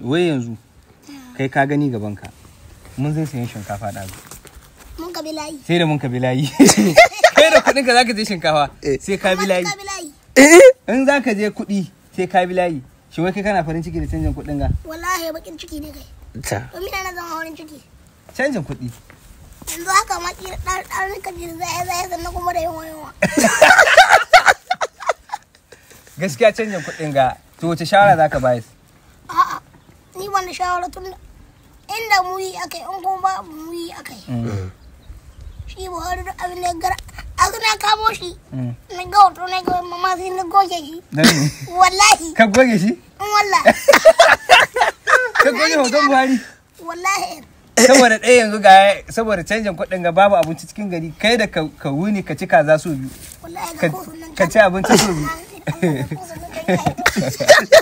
wai yanzu kai ka gani gaban ka mun zai sayi shinkafa da mun ka bilayi sai da mun ka bilayi kai da kuɗin ka zaka je shinkafa eh. sai ka bilayi eh? in zaka je kuɗi sai ka bilayi shi wai kai kana farin ciki da canjin kuɗin ga wallahi bakin ciki ne kai ta domin na zama farin ciki canjin kuɗi yanzu haka ma kira dar ɗan ka ji zai zai sannan kuma da yawa yawa gaskiya canjin kuɗin ga to wace shara zaka bayar ni wanda shawara tun inda mu yi akai in kuma mu yi akai mm. eh. shi buhari da abin da gara a na kamo shi mm. na ga wato na ga mama sai na goge shi wallahi ka goge shi mm, wallahi ka goge hoton buhari wallahi saboda ɗaya yanzu ga saboda canjin kuɗin ga babu abinci cikin gari kai da ka wuni ka ci kaza su biyu ka ci abinci su biyu